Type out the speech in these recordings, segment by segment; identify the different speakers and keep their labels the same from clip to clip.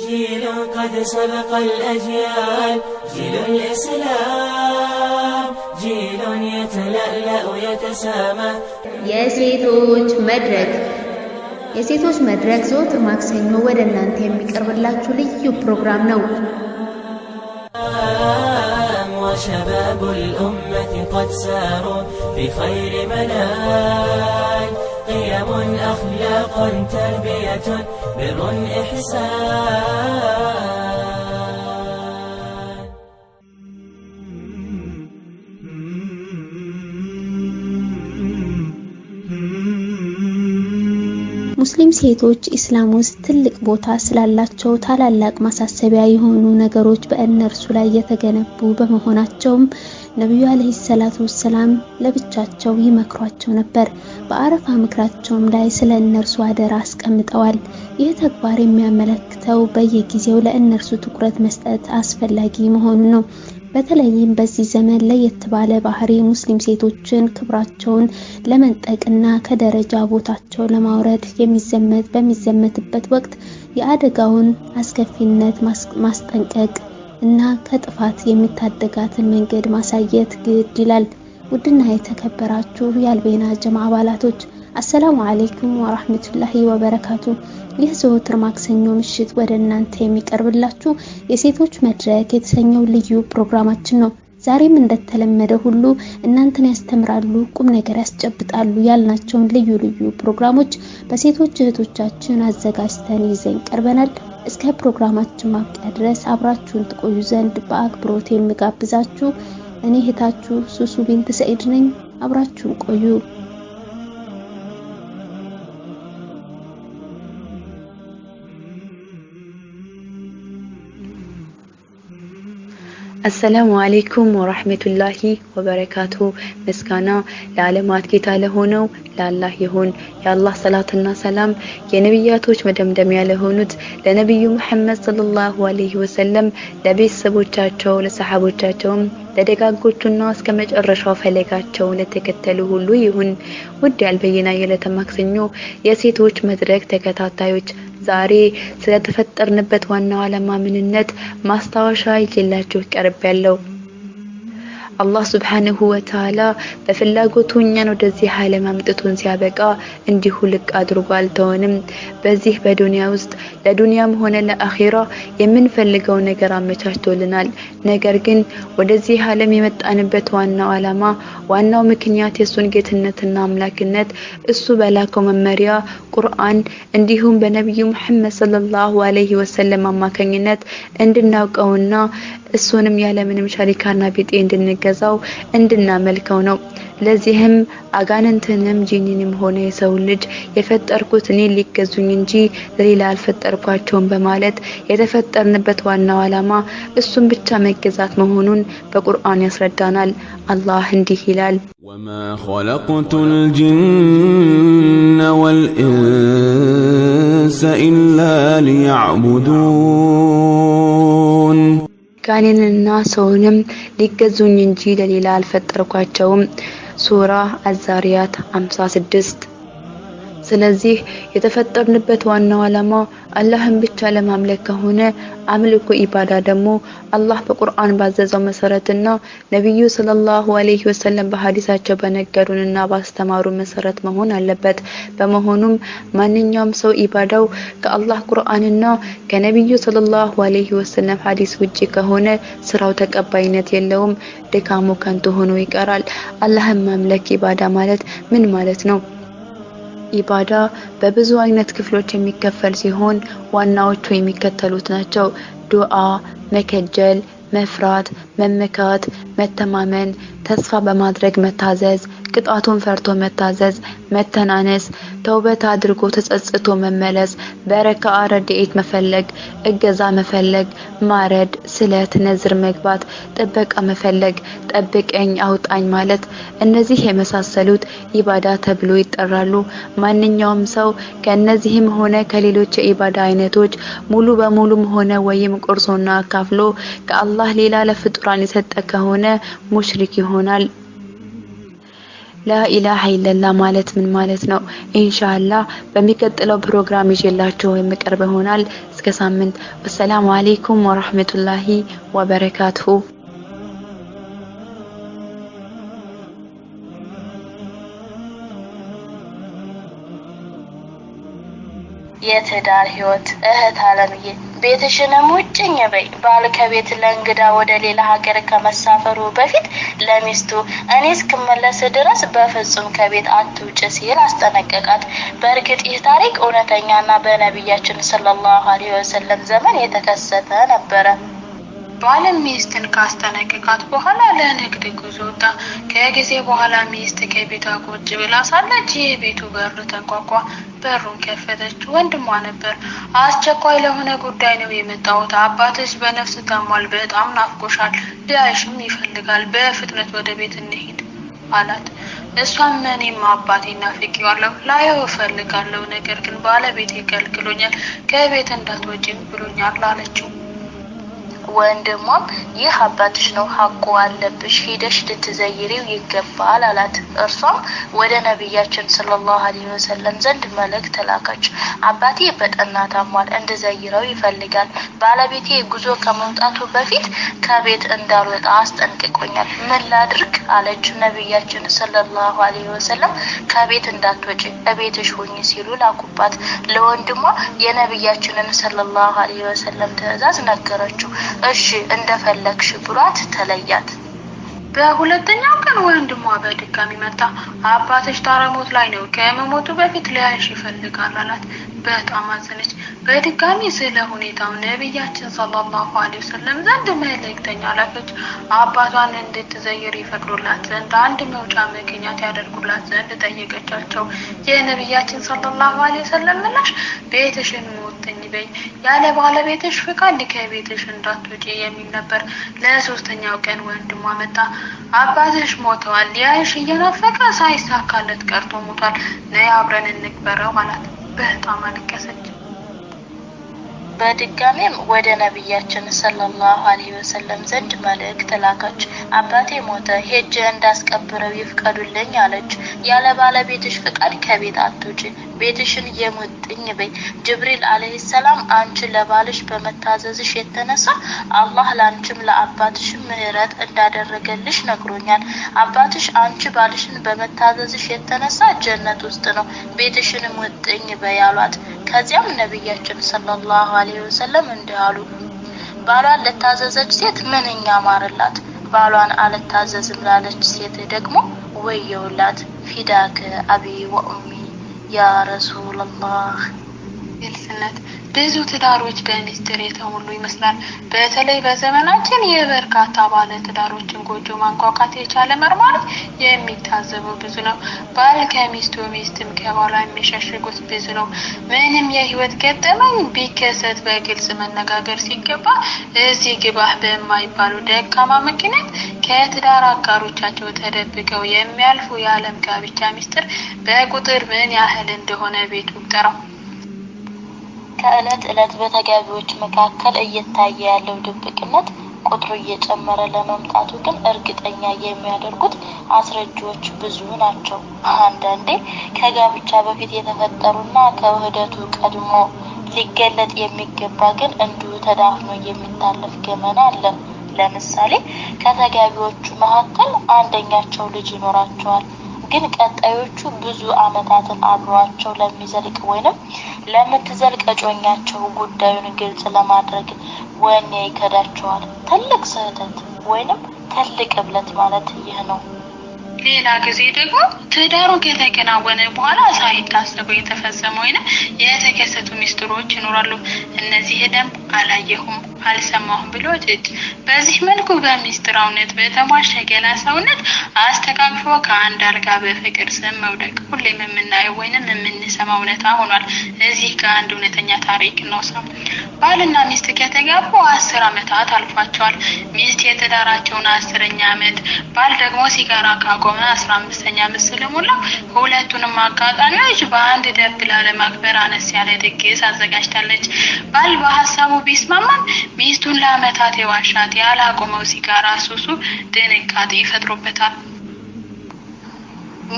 Speaker 1: جيل قد سبق الأجيال جيل الإسلام جيل يتلألأ يتسامى
Speaker 2: የሴቶች መድረክ የሴቶች መድረክ ዘወትር ማክሰኞ ወደ እናንተ የሚቀርብላችሁ ልዩ ፕሮግራም ነው። وشباب الأمة قد ساروا بخير منال قيم أخلاق تربية بر ሙስሊም ሴቶች ኢስላም ውስጥ ትልቅ ቦታ ስላላቸው ታላላቅ ማሳሰቢያ የሆኑ ነገሮች በእነርሱ ላይ የተገነቡ በመሆናቸውም ነቢዩ አለይሂ ሰላቱ ወሰላም ለብቻቸው ይመክሯቸው ነበር። በአረፋ ምክራቸውም ላይ ስለ እነርሱ አደራ አስቀምጠዋል። ይህ ተግባር የሚያመለክተው በየጊዜው ለእነርሱ ትኩረት መስጠት አስፈላጊ መሆኑ ነው። በተለይም በዚህ ዘመን ለየት ባለ ባህሪ ሙስሊም ሴቶችን ክብራቸውን ለመንጠቅና ከደረጃ ቦታቸው ለማውረድ የሚዘመት በሚዘመትበት ወቅት የአደጋውን አስከፊነት ማስጠንቀቅ እና ከጥፋት የሚታደጋትን መንገድ ማሳየት ግድ ይላል። ውድና የተከበራችሁ የአልቤና ጀማ አባላቶች አሰላሙ አሌይኩም ወራህመቱላሂ ወበረካቱ። ይህ ዘወትር ማክሰኞ ምሽት ወደ እናንተ የሚቀርብላችሁ የሴቶች መድረክ የተሰኘው ልዩ ፕሮግራማችን ነው። ዛሬም እንደተለመደ ሁሉ እናንተን ያስተምራሉ፣ ቁም ነገር ያስጨብጣሉ ያልናቸውን ልዩ ልዩ ፕሮግራሞች በሴቶች እህቶቻችን አዘጋጅተን ይዘን ቀርበናል። እስከ ፕሮግራማችን ማብቂያ ድረስ አብራችሁን ትቆዩ ዘንድ በአክብሮት የምጋብዛችሁ እኔ እህታችሁ ሱሱ ቢንት ሰኢድ ነኝ። አብራችሁን ቆዩ። አሰላሙ አሌይኩም ወራህመቱላሂ ወበረካቱ። ምስጋና ለዓለማት ጌታ ለሆነው ለአላህ ይሁን። የአላህ ሰላትና ሰላም የነቢያቶች መደምደሚያ ለሆኑት ለነቢዩ ሙሐመድ ሰለላሁ አለይሂ ወሰለም ለቤተሰቦቻቸው ለሰሓቦቻቸውም ለደጋጎቹና እስከ መጨረሻው ፈለጋቸውን ለተከተሉ ሁሉ ይሁን። ውድ ያልበየና የዕለተ ማክሰኞ የሴቶች መድረክ ተከታታዮች ዛሬ ስለተፈጠርንበት ዋናው ዓላማ ምንነት ማስታወሻ ይዤላችሁ ቀርብ ያለው አላህ ስብሓንሁ ወተዓላ በፍላጎቱ እኛን ወደዚህ ዓለም አምጥቶን ሲያበቃ እንዲሁ ልቅ አድርጎ አልተወንም። በዚህ በዱንያ ውስጥ ለዱንያም ሆነ ለአኼራ የምንፈልገው ነገር አመቻችቶልናል። ነገር ግን ወደዚህ ዓለም የመጣንበት ዋናው ዓላማ ዋናው ምክንያት የእሱን ጌትነትና አምላክነት እሱ በላከው መመሪያ ቁርአን እንዲሁም በነቢዩ ሙሐመድ ሰለላሁ አለይሂ ወሰለም አማካኝነት እንድናውቀውና እሱንም ያለምንም ሸሪካና ቢጤ እንድንገዛው እንድናመልከው ነው። ለዚህም አጋንንትንም ጂኒንም ሆነ የሰው ልጅ የፈጠርኩት እኔ ሊገዙኝ እንጂ ለሌላ አልፈጠርኳቸውም በማለት የተፈጠርንበት ዋናው ዓላማ እሱን ብቻ መገዛት መሆኑን በቁርአን ያስረዳናል። አላህ እንዲህ ይላል፣ ወማ ኸለቅቱ ልጅነ ወልኢንሰ ኢላ ሊያዕቡዱን ጋኔንና ሰውንም ሊገዙኝ እንጂ ለሌላ አልፈጠርኳቸውም። ሱራ አዛሪያት 56 ስለዚህ የተፈጠርንበት ዋናው ዓላማ አላህን ብቻ ለማምለክ ከሆነ አምልኮ ኢባዳ ደግሞ አላህ በቁርአን ባዘዘው መሰረትና ነቢዩ ሰለላሁ ዐለይሂ ወሰለም በሀዲሳቸው በነገሩንና ባስተማሩ መሰረት መሆን አለበት። በመሆኑም ማንኛውም ሰው ኢባዳው ከአላህ ቁርአንና ከነቢዩ ሰለላሁ ዐለይሂ ወሰለም ሀዲስ ውጪ ከሆነ ስራው ተቀባይነት የለውም፣ ድካሙ ከንቱ ሆኖ ይቀራል። አላህን ማምለክ ኢባዳ ማለት ምን ማለት ነው? ኢባዳ በብዙ አይነት ክፍሎች የሚከፈል ሲሆን ዋናዎቹ የሚከተሉት ናቸው፦ ዱዓ፣ መከጀል፣ መፍራት፣ መመካት፣ መተማመን፣ ተስፋ በማድረግ መታዘዝ፣ ቅጣቱን ፈርቶ መታዘዝ፣ መተናነስ፣ ተውበት አድርጎ ተጸጽቶ መመለስ፣ በረካ ረድኤት መፈለግ፣ እገዛ መፈለግ፣ ማረድ፣ ስለት፣ ነዝር መግባት፣ ጥበቃ መፈለግ፣ ጠብቀኝ አውጣኝ ማለት እነዚህ የመሳሰሉት ኢባዳ ተብሎ ይጠራሉ። ማንኛውም ሰው ከእነዚህም ሆነ ከሌሎች የኢባዳ አይነቶች ሙሉ በሙሉም ሆነ ወይም ቆርሶና አካፍሎ ከአላህ ሌላ ለፍጡራን የሰጠ ከሆነ ሙሽሪክ ይሆናል። ላኢላሀ ይለላ ማለት ምን ማለት ነው? ኢንሻአላህ በሚቀጥለው ፕሮግራም ይዤላችሁ የምቀርብ ይሆናል። እስከ ሳምንት። ወሰላሙ አሌይኩም ወራህመቱላሂ ወበረካቱሁ። የትዳር ህይወት እህት አለምዬ ቤትሽንም ውጭኝ በይ። ባል ከቤት ለእንግዳ ወደ ሌላ ሀገር ከመሳፈሩ በፊት ለሚስቱ እኔ እስክመለስ ድረስ በፍጹም ከቤት አትውጭ ሲል አስጠነቀቃት። በእርግጥ ይህ ታሪክ እውነተኛና በነቢያችን ሰለላሁ አለይሂ ወሰለም ዘመን የተከሰተ ነበረ። ባለ ሚስትን ካስጠነቀቃት በኋላ ለንግድ ጉዞ ወጣ። ከጊዜ በኋላ ሚስት ከቤቷ ቁጭ ብላ ሳለች የቤቱ በር ተንኳኳ። በሩን ከፈተች። ወንድሟ ነበር። አስቸኳይ ለሆነ ጉዳይ ነው የመጣሁት። አባትሽ በነፍስ ታሟል። በጣም ናፍቆሻል። ሊያይሽም ይፈልጋል። በፍጥነት ወደ ቤት እንሄድ አላት። እሷም እኔም አባቴን ናፍቄዋለሁ፣ ላየው እፈልጋለሁ፣ ነገር ግን ባለቤቴ ከልክሎኛል፣ ከቤት እንዳትወጪም ብሎኛል አለችው። ወንድሟም ይህ አባትሽ ነው፣ ሀቁ አለብሽ፣ ሄደሽ ልትዘይሬው ይገባል አላት። እርሷም ወደ ነቢያችን ሰለላሁ አለይሂ ወሰለም ዘንድ መልእክት ላከች አባቴ በጠና ታሟል፣ እንድዘይረው ይፈልጋል። ባለቤቴ ጉዞ ከመውጣቱ በፊት ከቤት እንዳልወጣ አስጠንቅቆኛል። ምን ላድርግ አለች። ነቢያችን ሰለላሁ አለይሂ ወሰለም ከቤት እንዳትወጪ እቤትሽ ሁኚ ሲሉ ላኩባት። ለወንድሟ የነቢያችንን ሰለላሁ አለይሂ ወሰለም ትእዛዝ ነገረችው። እሺ እንደፈለግሽ ብሏት ተለያት። በሁለተኛው ቀን ወንድሟ በድጋሚ መጣ። አባትሽ ታረሞት ላይ ነው፣ ከመሞቱ በፊት ሊያይሽ ይፈልጋል አላት። በጣም አዘነች። በድጋሚ ስለ ሁኔታው ነቢያችን ሰለላሁ ዐለይሂ ወሰለም ዘንድ መልእክተኛ ላከች። አባቷን እንድትዘይር ይፈቅዱላት ዘንድ አንድ መውጫ ምክንያት ያደርጉላት ዘንድ ጠየቀቻቸው። የነቢያችን ሰለላሁ ዐለይሂ ወሰለም ምላሽ ቤትሽን ሞትኝ በይ፣ ያለ ባለቤትሽ ፍቃድ ከቤትሽ እንዳትወጪ የሚል ነበር። ለሶስተኛው ቀን ወንድሟ መጣ። አባትሽ ሞተዋል። ሊያይሽ እየናፈቀ ሳይሳካለት ቀርቶ ሞቷል። ነይ አብረን እንቅበረው አላት። በጣም አለቀሰች። በድጋሜም ወደ ነቢያችን ሰለላሁ አለይሂ ወሰለም ዘንድ መልእክት ላከች። አባቴ ሞተ፣ ሄጄ እንዳስቀብረው ይፍቀዱልኝ አለች። ያለ ባለቤትሽ ፍቃድ ከቤት አትውጪ ቤትሽን የሙጥኝ በይ። ጅብሪል አለይሂ ሰላም አንቺ ለባልሽ በመታዘዝሽ የተነሳ አላህ ለአንቺም ለአባትሽ ምህረት እንዳደረገልሽ ነግሮኛል። አባትሽ አንቺ ባልሽን በመታዘዝሽ የተነሳ ጀነት ውስጥ ነው። ቤትሽን ሙጥኝ በይ አሏት። ከዚያም ነቢያችን ሰለላሁ አለይሂ ወሰለም እንዲህ አሉ። ባሏን ለታዘዘች ሴት ምንኛ ማርላት! ባሏን አልታዘዝም ላለች ሴት ደግሞ ወየውላት። ፊዳከ አቢ ወኡሚ يا رسول الله التفت ብዙ ትዳሮች በሚስጥር የተሞሉ ይመስላል። በተለይ በዘመናችን የበርካታ ባለ ትዳሮችን ጎጆ ማንኳኳት የቻለ መርማሪ የሚታዘበው ብዙ ነው። ባል ከሚስቱ ሚስትም ከባሏ የሚሸሽጉት ብዙ ነው። ምንም የህይወት ገጠመኝ ቢከሰት በግልጽ መነጋገር ሲገባ እዚህ ግባህ በማይባሉ ደካማ ምክንያት ከትዳር አጋሮቻቸው ተደብቀው የሚያልፉ የዓለም ጋብቻ ሚስጥር በቁጥር ምን ያህል እንደሆነ ቤቱ ጠራው ከእለት እለት በተጋቢዎች መካከል እየታየ ያለው ድብቅነት ቁጥሩ እየጨመረ ለመምጣቱ ግን እርግጠኛ የሚያደርጉት አስረጂዎች ብዙ ናቸው። አንዳንዴ ከጋብቻ በፊት የተፈጠሩና ከውህደቱ ቀድሞ ሊገለጥ የሚገባ ግን እንዲሁ ተዳፍኖ የሚታለፍ ገመና አለ። ለምሳሌ ከተጋቢዎቹ መካከል አንደኛቸው ልጅ ይኖራቸዋል። ግን ቀጣዮቹ ብዙ አመታትን አብሯቸው ለሚዘልቅ ወይንም ለምትዘልቅ እጮኛቸው ጉዳዩን ግልጽ ለማድረግ ወኔ ይከዳቸዋል። ትልቅ ስህተት ወይንም ትልቅ እብለት ማለት ይህ ነው። ሌላ ጊዜ ደግሞ ትዳሩ ከተከናወነ በኋላ ሳይታሰበው የተፈጸመ ወይንም የተከሰቱ ሚስጥሮች ይኖራሉ። እነዚህ ደንብ አላየሁም፣ አልሰማሁም ብሎ ጭጭ። በዚህ መልኩ በሚስጥር በተሟሸ ገላ ሰውነት አስተቃቅፎ ከአንድ አልጋ በፍቅር ስም መውደቅ ሁሌም የምናየው ወይንም የምንሰማው እውነታ ሆኗል። እዚህ ከአንድ እውነተኛ ታሪክ ነው ሰው ባልና ሚስት ከተጋቡ አስር ዓመታት አልፏቸዋል። ሚስት የትዳራቸውን አስረኛ ዓመት ባል ደግሞ ሲጋራ ካቆመ አስራ አምስተኛ ዓመት ስለሞላው ሁለቱንም አጋጣሚዎች በአንድ ደብ ላለማክበር አነስ ያለ ድግስ አዘጋጅታለች። ባል በሀሳቡ ቢስማማም ሚስቱን ለአመታት የዋሻት ያላቆመው ሲጋራ ሱሱ ድንጋጤ ይፈጥሮበታል።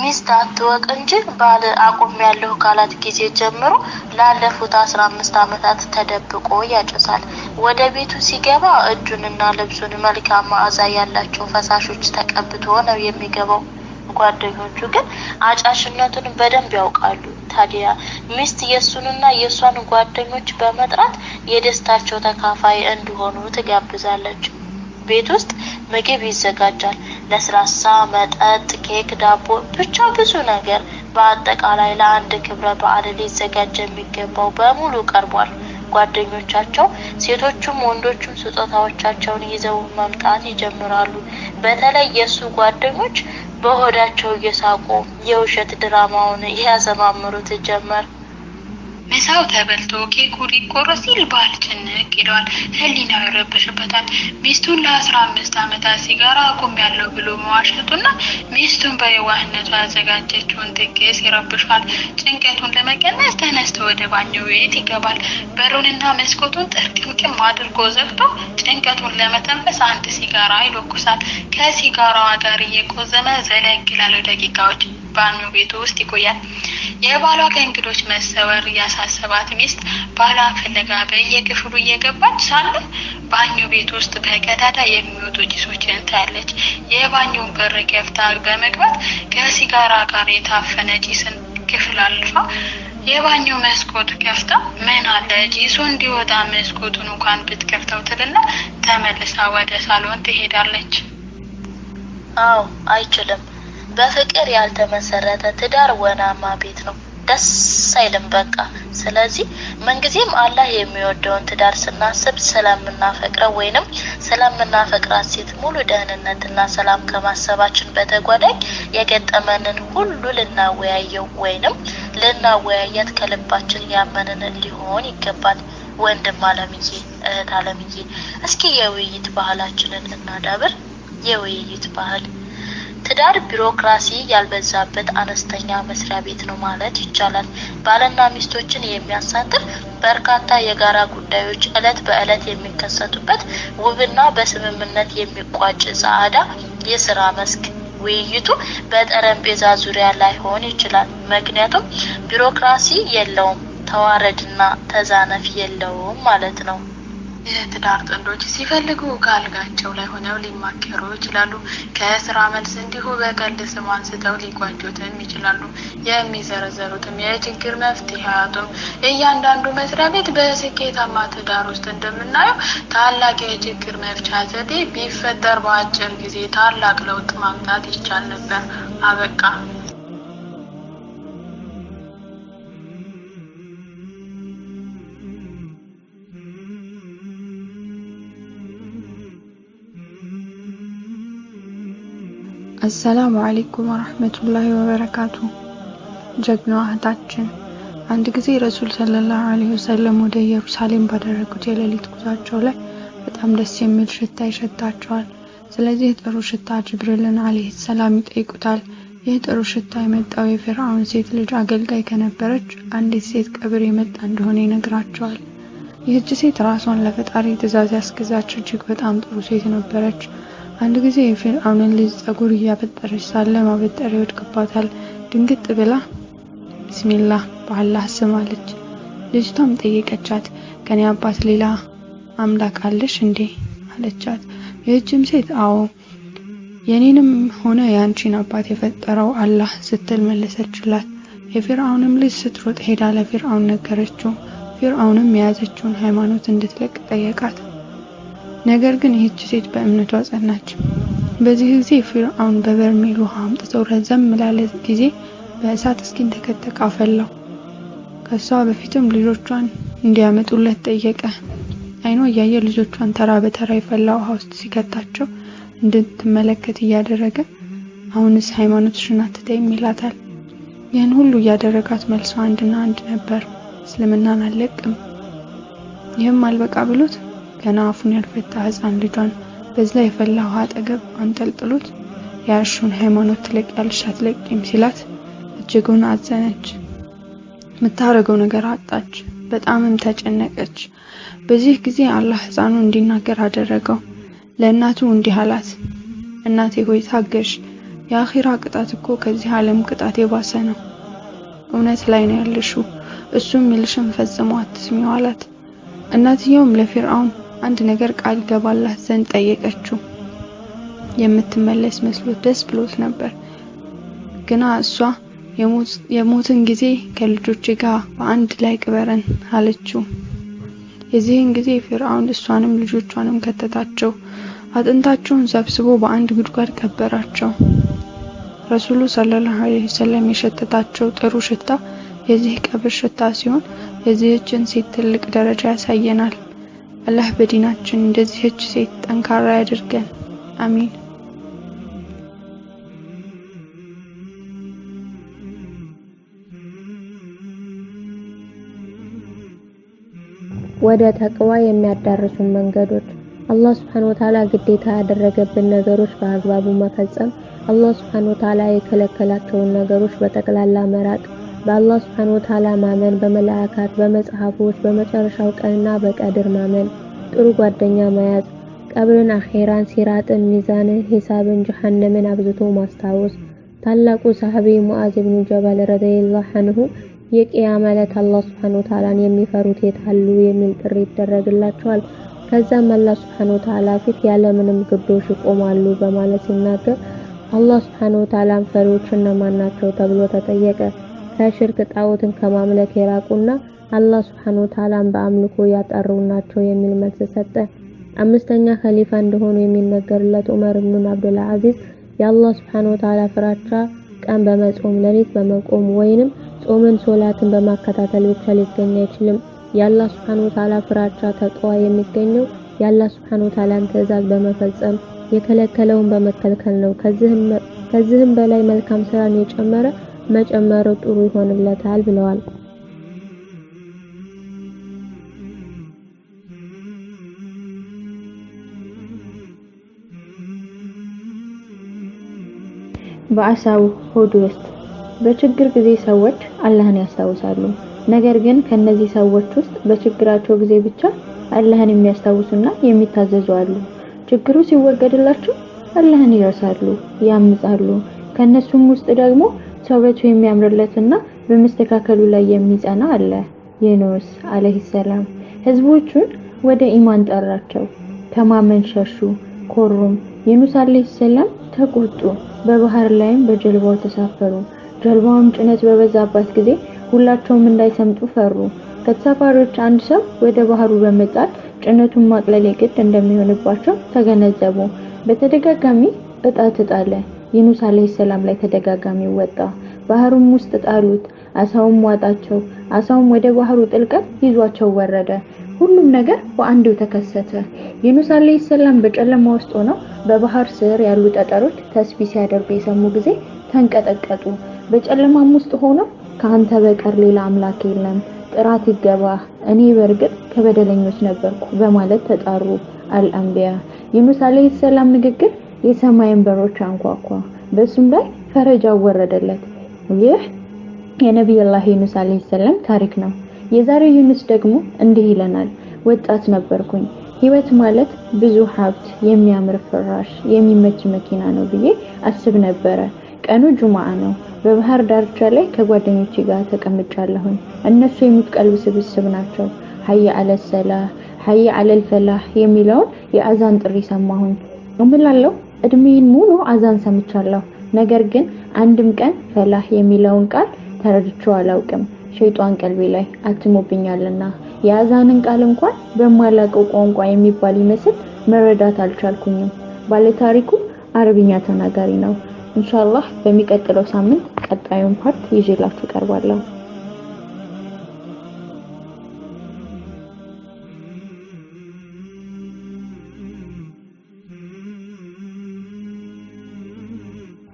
Speaker 2: ሚስት አትወቅ እንጂ ባል አቁም ያለው ካላት ጊዜ ጀምሮ ላለፉት አስራ አምስት ዓመታት ተደብቆ ያጨሳል። ወደ ቤቱ ሲገባ እጁንና ልብሱን መልካም መዓዛ ያላቸው ፈሳሾች ተቀብቶ ነው የሚገባው። ጓደኞቹ ግን አጫሽነቱን በደንብ ያውቃሉ። ታዲያ ሚስት የእሱንና የእሷን ጓደኞች በመጥራት የደስታቸው ተካፋይ እንዲሆኑ ትጋብዛለች። ቤት ውስጥ ምግብ ይዘጋጃል። ለስላሳ መጠጥ፣ ኬክ፣ ዳቦ፣ ብቻ ብዙ ነገር በአጠቃላይ ለአንድ ክብረ በዓል ሊዘጋጅ የሚገባው በሙሉ ቀርቧል። ጓደኞቻቸው ሴቶቹም ወንዶቹም ስጦታዎቻቸውን ይዘው መምጣት ይጀምራሉ። በተለይ የእሱ ጓደኞች በሆዳቸው እየሳቁ የውሸት ድራማውን ያዘማምሩት ጀመር። ምሳው ተበልቶ ኬኩ ሊቆረስ ሲል ባል ጭንቅ ይለዋል። ህሊናው ይረበሽበታል። ሚስቱን ለአስራ አምስት ዓመታት ሲጋራ ያለው ብሎ መዋሸቱና ሚስቱን በየዋህነቱ ያዘጋጀችውን ድግስ ይረብሻል። ጭንቀቱን ለመቀነስ ተነስቶ ወደ ባኞ ቤት ይገባል። በሩንና መስኮቱን ጥርቅምቅም አድርጎ ዘግቶ ጭንቀቱን ለመተንፈስ አንድ ሲጋራ ይለኩሳል። ከሲጋራዋ ጋር እየቆዘመ ዘለግ ላለው ደቂቃዎች ባኞ ቤቱ ውስጥ ይቆያል። የባሏ ከእንግዶች መሰወር እያሳሰባት ሚስት ባሏ ፍለጋ በየክፍሉ እየገባች ሳለ ባኞ ቤት ውስጥ በቀዳዳ የሚወጡ ጭሶችን ታያለች። የባኞውን በር ከፍታ በመግባት ከሲጋራ ጋር የታፈነ ጭስን ክፍል አልፋ የባኞ መስኮት ከፍታ ምን አለ ጭሱ እንዲወጣ መስኮቱን እንኳን ብትከፍተው ትልና ተመልሳ ወደ ሳሎን ትሄዳለች። አዎ አይችልም በፍቅር ያልተመሰረተ ትዳር ወናማ ቤት ነው፣ ደስ አይልም በቃ። ስለዚህ ምንጊዜም አላህ የሚወደውን ትዳር ስናስብ ስለምናፈቅረው ወይንም ስለምናፈቅራት ሴት ሙሉ ደህንነትና ሰላም ከማሰባችን በተጓዳኝ የገጠመንን ሁሉ ልናወያየው ወይንም ልናወያያት ከልባችን ያመንንን ሊሆን ይገባል። ወንድም አለምዬ፣ እህት አለምዬ፣ እስኪ የውይይት ባህላችንን እናዳብር። የውይይት ባህል ትዳር ቢሮክራሲ ያልበዛበት አነስተኛ መስሪያ ቤት ነው ማለት ይቻላል። ባልና ሚስቶችን የሚያሳትፍ በርካታ የጋራ ጉዳዮች እለት በእለት የሚከሰቱበት ውብና በስምምነት የሚቋጭ ጸአዳ የስራ መስክ። ውይይቱ በጠረጴዛ ዙሪያ ላይሆን ይችላል፣ ምክንያቱም ቢሮክራሲ የለውም፣ ተዋረድና ተዛነፍ የለውም ማለት ነው። የትዳር ጥንዶች ሲፈልጉ ከአልጋቸው ላይ ሆነው ሊማከሩ ይችላሉ። ከስራ መልስ እንዲሁ በቀልድ ስም አንስተው ሊጓጆትም ይችላሉ። የሚዘረዘሩትም የችግር መፍትሄ አያጡም። እያንዳንዱ መስሪያ ቤት በስኬታማ ትዳር ውስጥ እንደምናየው ታላቅ የችግር መፍቻ ዘዴ ቢፈጠር በአጭር ጊዜ ታላቅ ለውጥ ማምጣት ይቻል ነበር። አበቃ። አሰላሙ አለይኩም ወራህመቱላሂ ወበረካቱ። ጀግናዋ እህታችን አንድ ጊዜ ረሱል ሰለላሁ ዐለይሂ ወሰለም ወደ ኢየሩሳሌም ባደረጉት የሌሊት ጉዟቸው ላይ በጣም ደስ የሚል ሽታ ይሸታቸዋል። ስለዚህ ጥሩ ሽታ ጅብሪልን አለይሂ ሰላም ይጠይቁታል። ይህ ጥሩ ሽታ የመጣው የፊርዓውን ሴት ልጅ አገልጋይ ከነበረች አንዲት ሴት ቀብር የመጣ እንደሆነ ይነግራቸዋል። ይህች ሴት ራሷን ለፈጣሪ ትእዛዝ ያስገዛች እጅግ በጣም ጥሩ ሴት ነበረች። አንድ ጊዜ ኤፍሬም ልጅ ጸጉር እያበጠረች ሳለ ማበጠር ይወድቅባታል። ድንግጥ ብላ ብስሚላ በአላህ ስም አለች። ልጅቷም ጠየቀቻት፣ ከኔ አባት ሌላ አምላክ አለሽ እንዴ አለቻት። ይህችም ሴት አዎ የኔንም ሆነ የአንቺን አባት የፈጠረው አላህ ስትል መለሰችላት። የፊርአውንም ልጅ ስትሮጥ ሄዳ ለፊርአውን ነገረችው። ፊርአውንም የያዘችውን ሃይማኖት እንድትለቅ ጠየቃት። ነገር ግን ይህች ሴት በእምነቷ ጸናች። በዚህ ጊዜ ፊርአውን በበርሜል ውሃ አምጥተው ረዘም ላለ ጊዜ በእሳት እስኪንተከተክ አፈላው። ከሷ በፊትም ልጆቿን እንዲያመጡለት ጠየቀ። አይኗ እያየ ልጆቿን ተራ በተራ የፈላ ውሃ ውስጥ ሲከታቸው እንድትመለከት እያደረገ አሁንስ ሃይማኖትሽን አትተይም ይላታል። ይህን ሁሉ እያደረጋት መልሷ አንድና አንድ ነበር፣ እስልምናን አልለቅም። ይህም አልበቃ ብሎት ገና አፉን ያልፈታ ህፃን ልጇን በዛ የፈላ ውሃ አጠገብ አንጠልጥሎት የአርሹን ሃይማኖት ትለቂያለሽ አትለቂም ሲላት እጅጉን አዘነች። የምታደርገው ነገር አጣች። በጣምም ተጨነቀች። በዚህ ጊዜ አላህ ህፃኑ እንዲናገር አደረገው። ለእናቱ እንዲህ አላት፣ እናቴ ሆይ ታገሽ፣ የአኺራ ቅጣት እኮ ከዚህ ዓለም ቅጣት የባሰ ነው። እውነት ላይ ነው ያለሽው፣ እሱም ይልሽን ፈጽሞ አትስሚው አላት። እናትየውም ለፊርአውን። አንድ ነገር ቃል ገባላት ዘንድ ጠየቀችው። የምትመለስ መስሎት ደስ ብሎት ነበር። ግና እሷ የሞትን ጊዜ ከልጆች ጋር በአንድ ላይ ቅበረን አለችው። የዚህን ጊዜ ፍርአውን እሷንም ልጆቿንም ከተታቸው፣ አጥንታቸውን ሰብስቦ በአንድ ጉድጓድ ቀበራቸው። ረሱሉ ሰለላሁ ዐለይሂ ወሰለም የሸተታቸው ጥሩ ሽታ የዚህ ቀብር ሽታ ሲሆን የዚህችን ሴት ትልቅ ደረጃ ያሳየናል። አላህ በዲናችን እንደዚህች ሴት ጠንካራ ያድርገን። አሚን። ወደ ተቅዋ የሚያዳርሱን መንገዶች አላህ Subhanahu Wa Ta'ala ግዴታ ያደረገብን ነገሮች በአግባቡ መፈጸም፣ አላህ Subhanahu Wa Ta'ala የከለከላቸውን ነገሮች በጠቅላላ መራቅ በአላህ ሱብሓነሁ ወተዓላ ማመን፣ በመላእክት፣ በመጽሐፎች፣ በመጨረሻው ቀንና በቀድር ማመን፣ ጥሩ ጓደኛ መያዝ፣ ቀብርን፣ አኼራን፣ ሲራጥን፣ ሚዛንን፣ ሂሳብን፣ ጀሃነምን አብዝቶ ማስታወስ። ታላቁ ሰሃቢ ሙዓዝ ኢብኑ ጀበል ረዲየላሁ ዐንሁ የቂያማ ዕለት አላህ ሱብሓነሁ ወተዓላን የሚፈሩት የት አሉ የሚል ጥሪ ይደረግላቸዋል። ከዛም አላህ ሱብሓነሁ ወተዓላ ፊት ያለምንም ግዶሽ ይቆማሉ በማለት ሲናገር አላህ ሱብሓነሁ ወተዓላን ፈሪዎች እነማን ናቸው ተብሎ ተጠየቀ። ከሽርክ ጣዖትን ከማምለክ የራቁና አላህ Subhanahu Ta'ala በአምልኮ ያጠሩ ናቸው የሚል መልስ ሰጠ። አምስተኛ ኸሊፋ እንደሆኑ የሚነገርለት ዑመር ኢብኑ አብዱል አዚዝ የአላህ Subhanahu Ta'ala ፍራቻ ቀን በመጾም ሌሊት በመቆም ወይንም ጾምን ሶላትን በማከታተል ብቻ ሊገኝ አይችልም። የአላህ Subhanahu Ta'ala ፍራቻ ተቀዋ የሚገኘው የአላህ Subhanahu Wa Ta'alaን ትዕዛዝ በመፈጸም የከለከለውን በመከልከል ነው። ከዚህም በላይ መልካም ስራን የጨመረ መጨመሩ ጥሩ ይሆንለታል ብለዋል። በአሳው ሆድ ውስጥ በችግር ጊዜ ሰዎች አላህን ያስታውሳሉ። ነገር ግን ከነዚህ ሰዎች ውስጥ በችግራቸው ጊዜ ብቻ አላህን የሚያስታውሱና የሚታዘዙ አሉ። ችግሩ ሲወገድላቸው አላህን ይረሳሉ፣ ያምጻሉ። ከነሱም ውስጥ ደግሞ ሰውበቱ የሚያምርለትና በመስተካከሉ ላይ የሚጸና አለ። የኖስ አለይሂ ሰላም ህዝቦቹን ወደ ኢማን ጠራቸው። ከማመን ሸሹ፣ ኮሩም። የኖስ አለይሂ ሰላም ተቆጡ። በባህር ላይም በጀልባው ተሳፈሩ። ጀልባውም ጭነት በበዛባት ጊዜ ሁላቸውም እንዳይሰምጡ ፈሩ። ከተሳፋሪዎች አንድ ሰው ወደ ባህሩ በመጣል ጭነቱን ማቅለል የግድ እንደሚሆንባቸው ተገነዘቡ። በተደጋጋሚ እጣ ተጣለ። ዩኑስ አለይሂ ሰላም ላይ ተደጋጋሚ ወጣ። ባህሩም ውስጥ ጣሉት። አሳውም ዋጣቸው። አሳውም ወደ ባህሩ ጥልቀት ይዟቸው ወረደ። ሁሉም ነገር በአንዱ ተከሰተ። ዩኑስ አለይሂ ሰላም በጨለማ ውስጥ ሆነው በባህር ስር ያሉ ጠጠሮች ተስቢ ሲያደርጉ የሰሙ ጊዜ ተንቀጠቀጡ። በጨለማም ውስጥ ሆነው ከአንተ በቀር ሌላ አምላክ የለም፣ ጥራት ይገባ፣ እኔ በእርግጥ ከበደለኞች ነበርኩ በማለት ተጣሩ። አልአንቢያ ዩኑስ አለይሂ ሰላም ንግግር የሰማይን በሮች አንኳኳ፣ በሱም ላይ ፈረጃ ወረደለት። ይህ የነቢዩላህ ዩኑስ አለይሂ ሰላም ታሪክ ነው። የዛሬው ዩኑስ ደግሞ እንዲህ ይለናል። ወጣት ነበርኩኝ። ህይወት ማለት ብዙ ሀብት፣ የሚያምር ፍራሽ፣ የሚመች መኪና ነው ብዬ አስብ ነበረ። ቀኑ ጁማአ ነው። በባህር ዳርቻ ላይ ከጓደኞቼ ጋር ተቀምጫለሁኝ። እነሱ የሚትቀልቡ ስብስብ ናቸው። ሀያ አለ ሰላህ ሀያ አለል ፈላህ የሚለውን የአዛን ጥሪ ሰማሁኝ። እምላለሁ እድሜን ሙሉ አዛን ሰምቻለሁ፣ ነገር ግን አንድም ቀን ፈላህ የሚለውን ቃል ተረድቼው አላውቅም። ሸይጧን ቀልቤ ላይ አትሞብኛልና የአዛንን ቃል እንኳን በማላውቀው ቋንቋ የሚባል ይመስል መረዳት አልቻልኩኝም። ባለታሪኩ አረብኛ ተናጋሪ ነው። ኢንሻአላህ በሚቀጥለው ሳምንት ቀጣዩን ፓርት ይዤላችሁ ቀርባለሁ።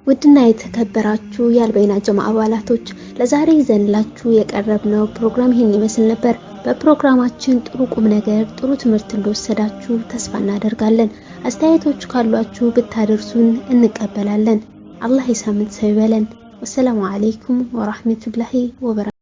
Speaker 2: ውድና የተከበራችሁ የአልበይና ጀማ አባላቶች ለዛሬ ይዘንላችሁ የቀረብነው ፕሮግራም ይህን ይመስል ነበር። በፕሮግራማችን ጥሩ ቁም ነገር፣ ጥሩ ትምህርት እንደወሰዳችሁ ተስፋ እናደርጋለን። አስተያየቶች ካሏችሁ ብታደርሱን እንቀበላለን። አላህ የሳምንት ሰው ይበለን። ወሰላሙ አለይኩም ወራህመቱላሂ ወበረካቱ።